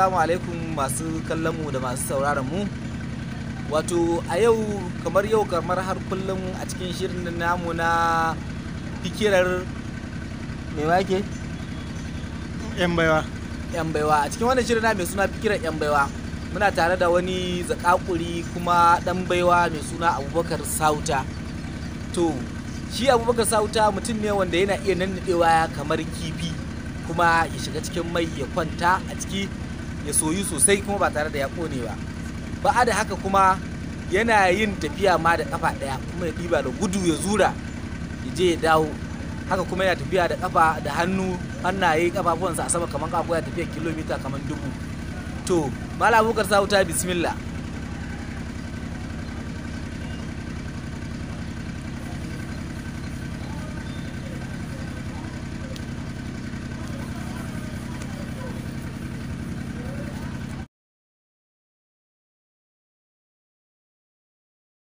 assalamu alaikum masu kallon mu da masu sauraron mu wato a yau kamar yau kamar har kullum a cikin shirin namu na fikirar mai wake yan baiwa yan baiwa a cikin wannan shirin na mai suna fikirar yan baiwa muna tare da wani zakakuri kuma dan baiwa mai suna abubakar sauta to shi abubakar sauta mutum ne wanda yana iya nannadewa kamar kifi kuma ya shiga cikin mai ya kwanta a ciki ya soyu sosai kuma ba tare da ya kone ba ba a da haka kuma yana yin tafiya ma da kafa daya kuma ya ɗiba da gudu ya zura ya je ya dawo haka kuma yana tafiya da kafa da hannu hannaye kafafuwansa a sama kamar kafa ya tafiya kilomita kamar dubu to malam abubakar wuta bismillah